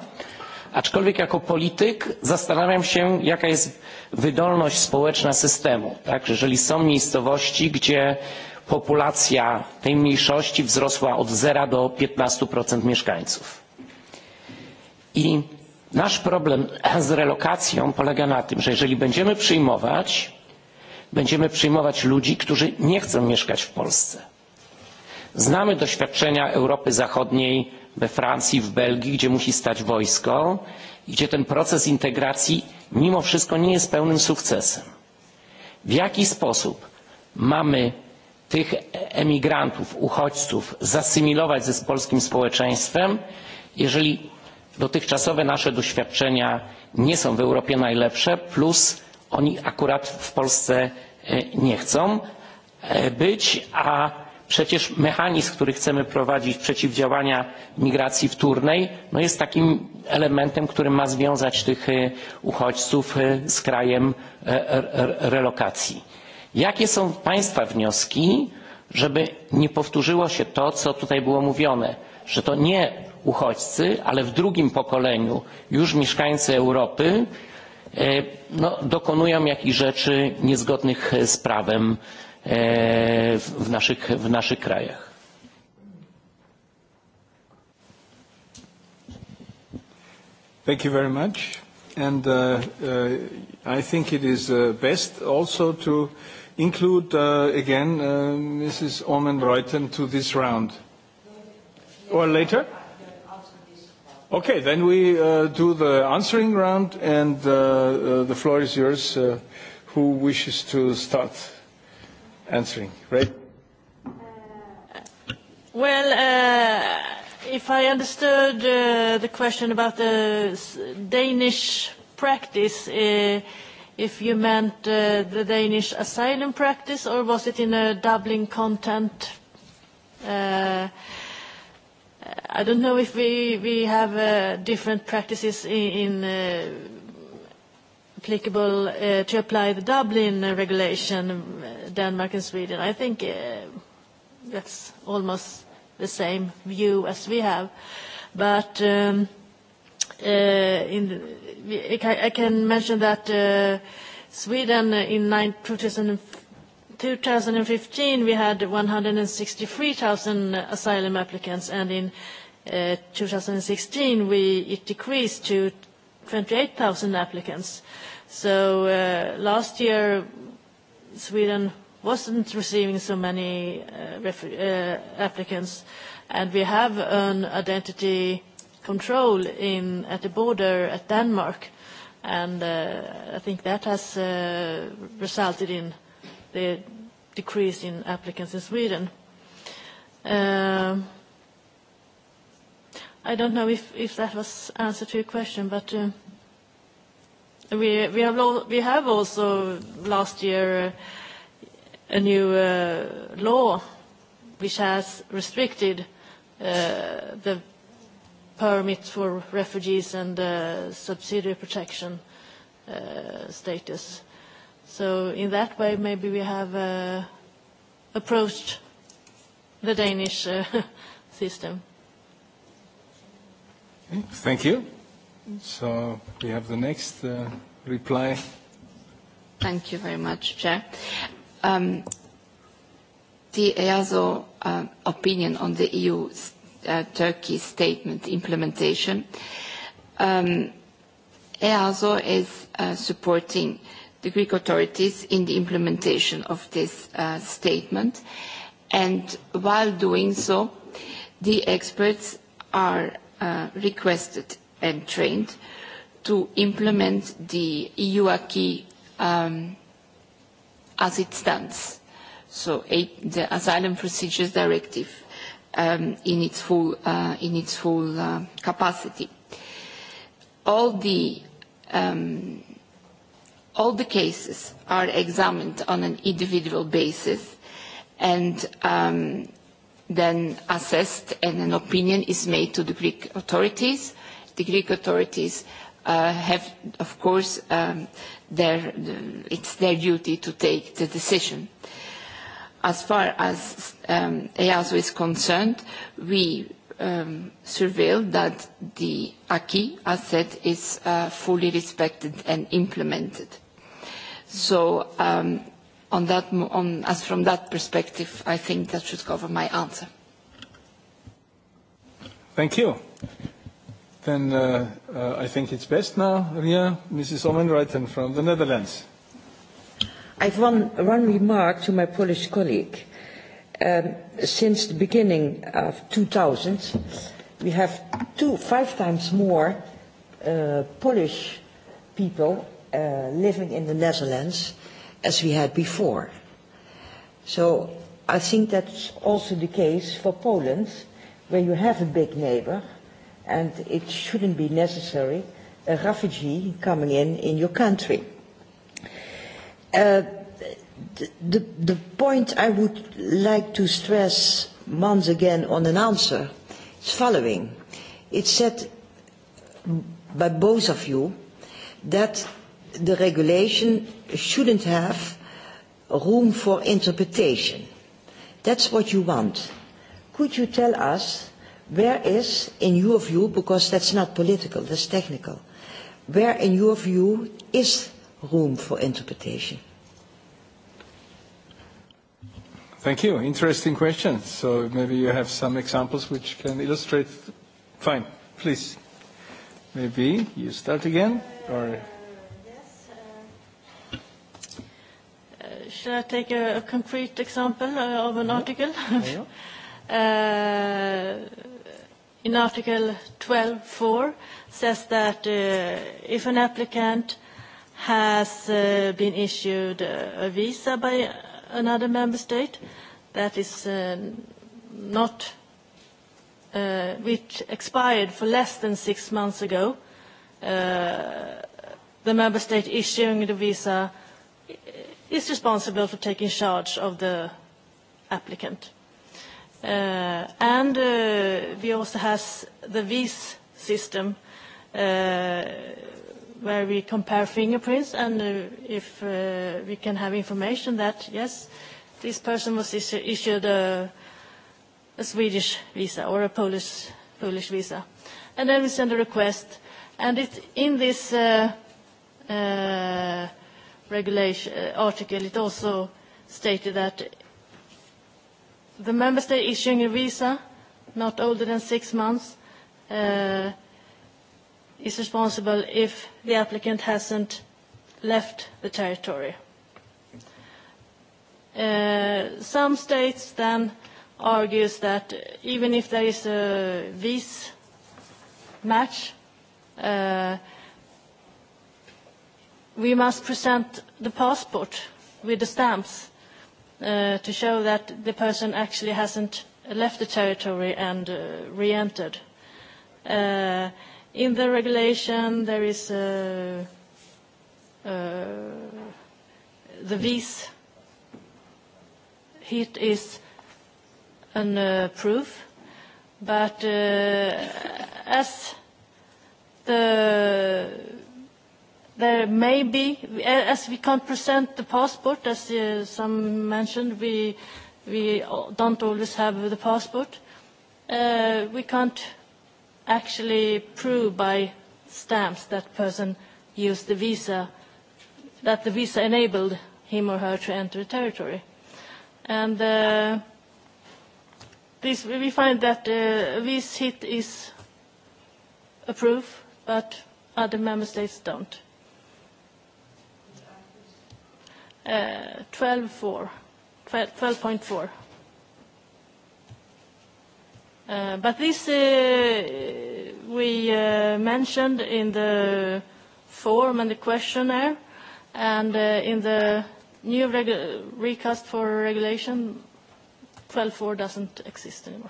Speaker 3: aczkolwiek jako polityk zastanawiam się, jaka jest wydolność społeczna systemu. Tak? Jeżeli są miejscowości, gdzie populacja tej mniejszości wzrosła od 0 do 15% mieszkańców. I nasz problem z relokacją polega na tym, że jeżeli będziemy przyjmować, będziemy przyjmować ludzi, którzy nie chcą mieszkać w Polsce. Znamy doświadczenia Europy Zachodniej we Francji, w Belgii, gdzie musi stać wojsko i gdzie ten proces integracji mimo wszystko nie jest pełnym sukcesem. W jaki sposób mamy tych emigrantów, uchodźców zasymilować ze z polskim społeczeństwem, jeżeli dotychczasowe nasze doświadczenia nie są w Europie najlepsze, plus oni akurat w Polsce e, nie chcą e, być, a przecież mechanizm, który chcemy prowadzić przeciwdziałania migracji wtórnej, no jest takim elementem, który ma związać tych e, uchodźców z krajem relokacji. Jakie są Państwa wnioski, żeby nie powtórzyło się to, co tutaj było mówione, że to nie uchodźcy, ale w drugim pokoleniu już mieszkańcy Europy E, no, dokonują jakichś rzeczy niezgodnych e, z prawem e, w naszych, w naszych krajach. Thank you very much.
Speaker 1: And uh, uh, I think it is uh, best also to include uh, again uh, Mrs. Omen-Reuten to this round. Or later? Okay, then we uh, do the answering round, and uh, uh, the floor is yours. Uh, who wishes to start answering? Right? Uh,
Speaker 4: well, uh, if I understood uh, the question about the Danish practice, uh, if you meant uh, the Danish asylum practice, or was it in a Dublin content? Uh, i don't know if we, we have uh, different practices in, in uh, applicable uh, to apply the Dublin regulation, uh, Denmark and Sweden. I think uh, that's almost the same view as we have. But um, uh, in, I can mention that Sweden in 2015 2015, we had 163,000 asylum applicants, and in 2016, uh, it decreased to 28,000 applicants. Uh, last year, Sweden wasn't receiving so many uh, applicants, and we have an identity control at the border at Denmark, and I think that has resulted in the decrease in applicants in Sweden. Uh, I don't know if, that was answer to your question, but uh, we, have also last year uh, a new law which has restricted the permits for refugees and subsidiary protection status. So in that way, maybe we have uh, approached the Danish uh, [laughs] system.
Speaker 1: Thank you. So we have the next uh, reply.
Speaker 2: Thank you very much, Chair. Um, the EASO uh, opinion on the EU uh, Turkey statement implementation. Um, EASO is uh, supporting the Greek authorities in the implementation of this uh, statement. And while doing so, the experts are uh, requested and trained to implement the EU acquis um, as it stands, so the Asylum Procedures Directive um, in its full, uh, in its full uh, capacity. All the um, all the cases are examined on an individual basis and um, then assessed and an opinion is made to the Greek authorities. The Greek authorities uh, have, of course, um, their, it's their duty to take the decision. As far as um, EASO is concerned, we um, surveil that the acquis, as said, is uh, fully respected and implemented. So um, on that, on, as from that perspective, I think that should cover my answer.
Speaker 1: Thank you. Then uh, uh, I think it's best now, Ria, Mrs. Omenreiten from the Netherlands.
Speaker 6: I've one, one remark to my Polish colleague. Um, since the beginning of 2000, we have two, five times more uh, Polish people Uh, living in the Netherlands as we had before. So I think that's also the case for Poland, where you have a big neighbor, and it shouldn't be necessary a refugee coming in in your country. Uh, the, the point I would like to stress once again on an answer is following. It's said by both of you that the regulation shouldn't have room for interpretation. That's what you want. Could you tell us where is, in your view, because that's not political, that's technical, where in your view is room for interpretation?
Speaker 1: Thank you. Interesting question. So maybe you have some examples which can illustrate. Fine, please. Maybe you start again or.
Speaker 4: Shall I take a, a concrete example uh, of an article? [laughs] uh, in Article 12.4 says that uh, if an applicant has uh, been issued a visa by another member state that is uh, not uh, which expired for less than six months ago, uh, the member state issuing the visa is responsible for taking charge of the applicant. Uh, and uh, we also have the VIS system uh, where we compare fingerprints and uh, if uh, we can have information that, yes, this person was issue, issued a, a Swedish visa or a Polish, Polish visa. And then we send a request. And it, in this uh, uh, regulation uh, article, it also stated that the member state issuing a visa not older than six months uh, is responsible if the applicant hasn't left the territory. Uh, some states then argues that even if there is a visa match, uh, we must present the passport with the stamps uh, to show that the person actually hasn't left the territory and uh, re-entered. Uh, in the regulation, there is uh, uh, the visa. It is a uh, proof, but uh, as the There may be, as we can't present the passport, as uh, some mentioned, we, we don't always have the passport. Uh, we can't actually prove by stamps that person used the visa, that the visa enabled him or her to enter a territory. And uh, this, we find that uh, this hit is a proof, but other member states don't. 12.4. Eh, eh, but this eh, we mentioned in the form and the questionnaire, and in the new recast for regulation, 12.4 doesn't exist anymore.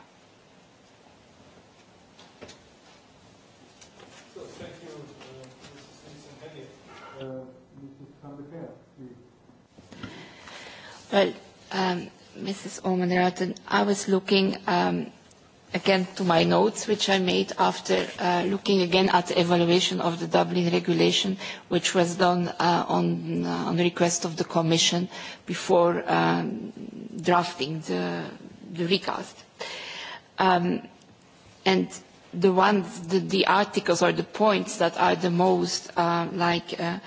Speaker 2: Well, um, Mrs. Omenraten, I was looking um, again to my notes, which I made after uh, looking again at the evaluation of the Dublin regulation, which was done uh, on, uh, on the request of the Commission before um, drafting the, the recast. Um, and the ones, the, the articles or the points that are the most uh, like uh,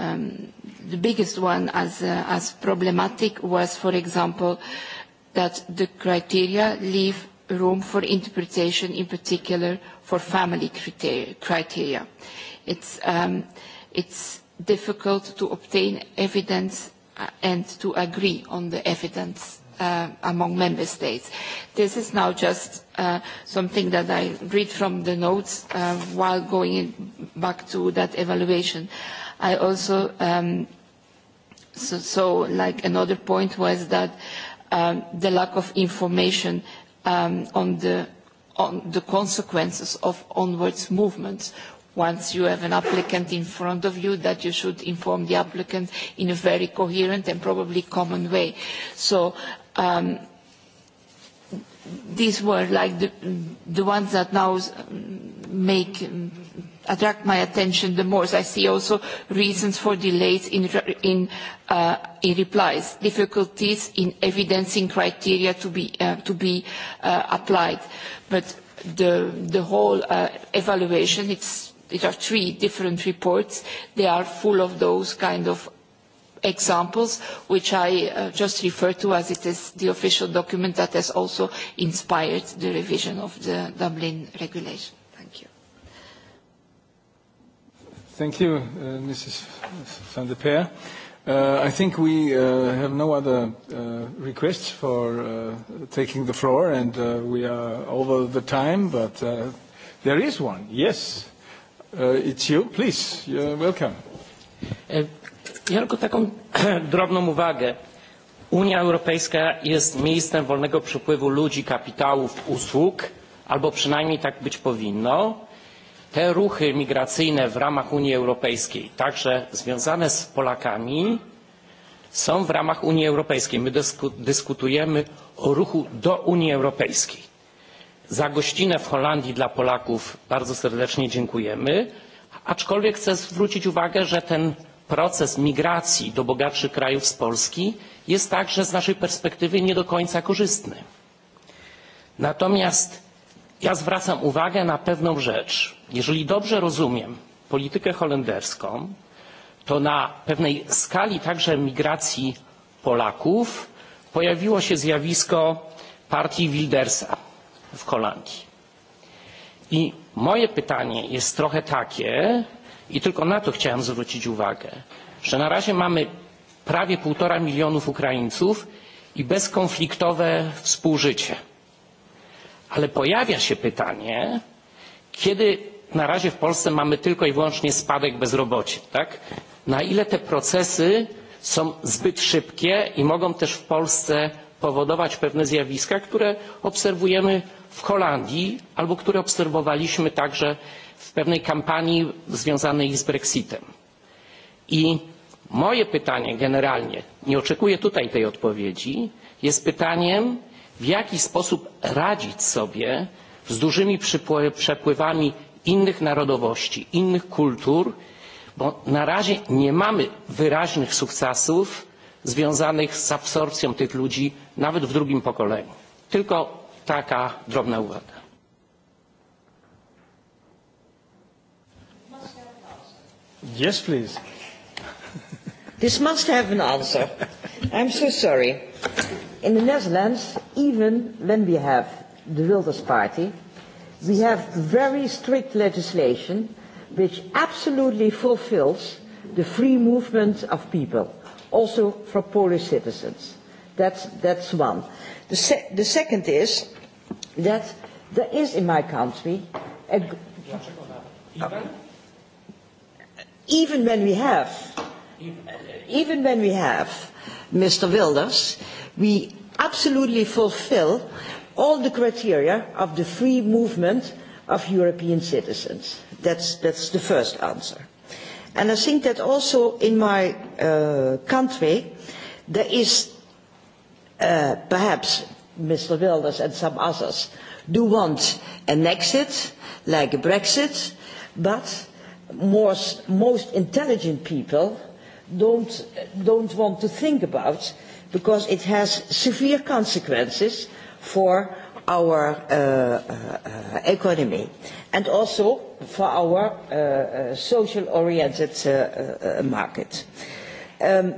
Speaker 2: um, the biggest one as, uh, as problematic was, for example, that the criteria leave room for interpretation, in particular for family criteria. It's, um, it's difficult to obtain evidence uh, and to agree on the evidence uh, among member states. This is now just uh, something that I read from the notes uh, while going back to that evaluation. I also, um, so, so like another point was that um, the lack of information um, on, the, on the consequences of onwards movements once you have an applicant in front of you that you should inform the applicant in a very coherent and probably common way. So Um, these were like the, the ones that now make um, attract my attention the most. I see also reasons for delays in, in, uh, in replies, difficulties in evidencing criteria to be, uh, to be uh, applied. But the, the whole uh, evaluation, it's, it are three different reports. They are full of those kind of examples which I uh, just refer to as it is the official document that has also inspired the revision of the Dublin regulation. Thank you.
Speaker 1: Thank you, uh, Mrs. van der Peer. Uh, I think we uh, have no other uh, requests for uh, taking the floor, and uh, we are over the time, but uh, there is one. Yes, uh, it's you. Please, you're
Speaker 3: welcome. Uh, Ja tylko taką [clears throat] drobną uwagę. Unia Europejska jest miejscem wolnego przepływu ludzi, kapitałów, usług, albo przynajmniej tak być powinno. Te ruchy migracyjne w ramach Unii Europejskiej, także związane z Polakami, są w ramach Unii Europejskiej. My dysku, dyskutujemy o ruchu do Unii Europejskiej. Za gościnę w Holandii dla Polaków bardzo serdecznie dziękujemy, aczkolwiek chcę zwrócić uwagę, że ten proces migracji do bogatszych krajów z Polski jest także z naszej perspektywy nie do końca korzystny. Natomiast ja zwracam uwagę na pewną rzecz. Jeżeli dobrze rozumiem politykę holenderską, to na pewnej skali także migracji Polaków pojawiło się zjawisko partii Wildersa w Holandii. I moje pytanie jest trochę takie, i tylko na to chciałem zwrócić uwagę, że na razie mamy prawie półtora milionów Ukraińców i bezkonfliktowe współżycie. Ale pojawia się pytanie, kiedy na razie w Polsce mamy tylko i wyłącznie spadek bezrobocia, tak? Na ile te procesy są zbyt szybkie i mogą też w Polsce powodować pewne zjawiska, które obserwujemy w Holandii albo które obserwowaliśmy także w pewnej kampanii związanej z Brexitem. I moje pytanie generalnie, nie oczekuję tutaj tej odpowiedzi, jest pytaniem, w jaki sposób radzić sobie z dużymi przepływami innych narodowości, innych kultur, bo na razie nie mamy wyraźnych sukcesów związanych z absorpcją tych ludzi nawet w drugim pokoleniu. Tylko taka drobna uwaga.
Speaker 6: Yes, please. This must have an answer. I'm so sorry. In the Netherlands, even when we have the Wilders Party, we have very strict legislation which absolutely fulfills the free movement of people, also for Polish citizens. That's, that's one. The, se- the second is that there is in my country a. G- even when we have, even when we have Mr. Wilders, we absolutely fulfill all the criteria of the free movement of European citizens. That's, that's the first answer. And I think that also in my uh, country, there is uh, perhaps Mr. Wilders and some others do want an exit, like a Brexit, but most, most intelligent people don't, don't want to think about because it has severe consequences for our uh, uh, uh economy and also for our uh, uh, social-oriented uh, uh, market. Um,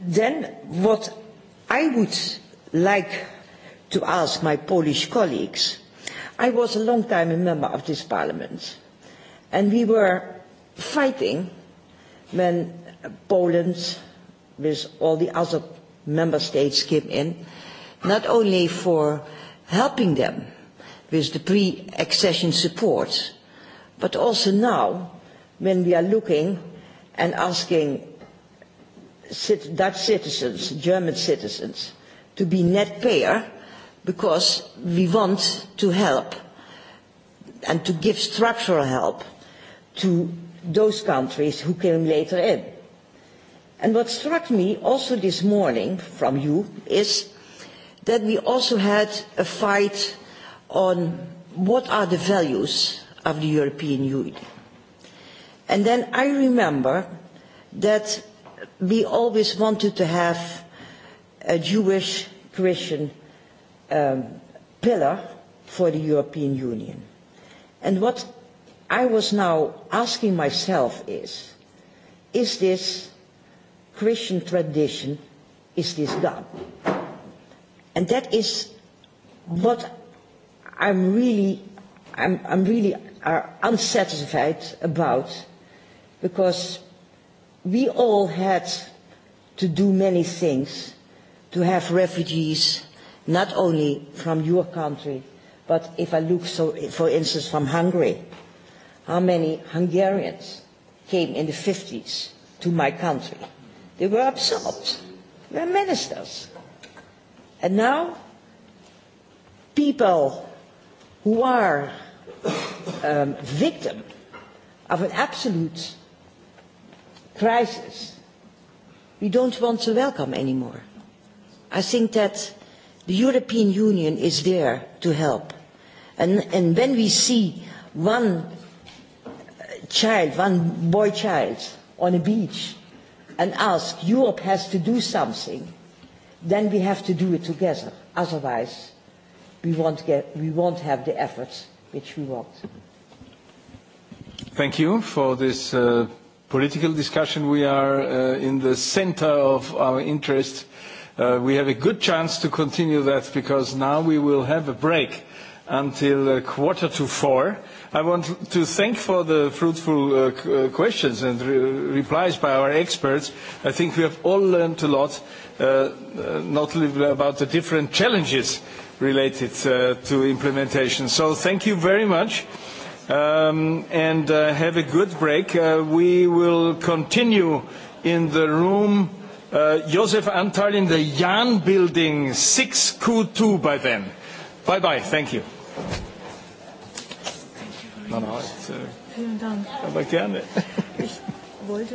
Speaker 6: then what I would like to ask my Polish colleagues, I was a long time a member of this parliament And we were fighting when Poland, with all the other member states, came in, not only for helping them with the pre-accession support, but also now when we are looking and asking Dutch citizens, German citizens, to be net payer because we want to help and to give structural help to those countries who came later in. And what struck me also this morning from you is that we also had a fight on what are the values of the European Union. And then I remember that we always wanted to have a Jewish Christian um, pillar for the European Union. And what i was now asking myself is, is this Christian tradition, is this God? And that is what I'm really, I'm, I'm really are uh, unsatisfied about, because we all had to do many things to have refugees, not only from your country, but if I look, so, for instance, from Hungary how many Hungarians came in the 50s to my country. They were absorbed. They were ministers. And now, people who are um, victim of an absolute crisis, we don't want to welcome anymore. I think that the European Union is there to help. And, and when we see one child, one boy child, on a beach and ask, Europe has to do something, then we have to do it together. Otherwise, we won't, get, we won't have the efforts which we want.
Speaker 1: Thank you for this uh, political discussion. We are uh, in the center of our interest. Uh, we have a good chance to continue that because now we will have a break until a uh, quarter to four i want to thank for the fruitful uh, uh, questions and re replies by our experts. I think we have all learned a lot, uh, uh, not only about the different challenges related uh, to implementation. So thank you very much. Um, and uh, have a good break. Uh, we will continue in the room uh, Josef Antal in the Jan building 6Q2 by then. Bye-bye. Thank you
Speaker 5: man Vielen Dank.
Speaker 1: Jag bara kan det.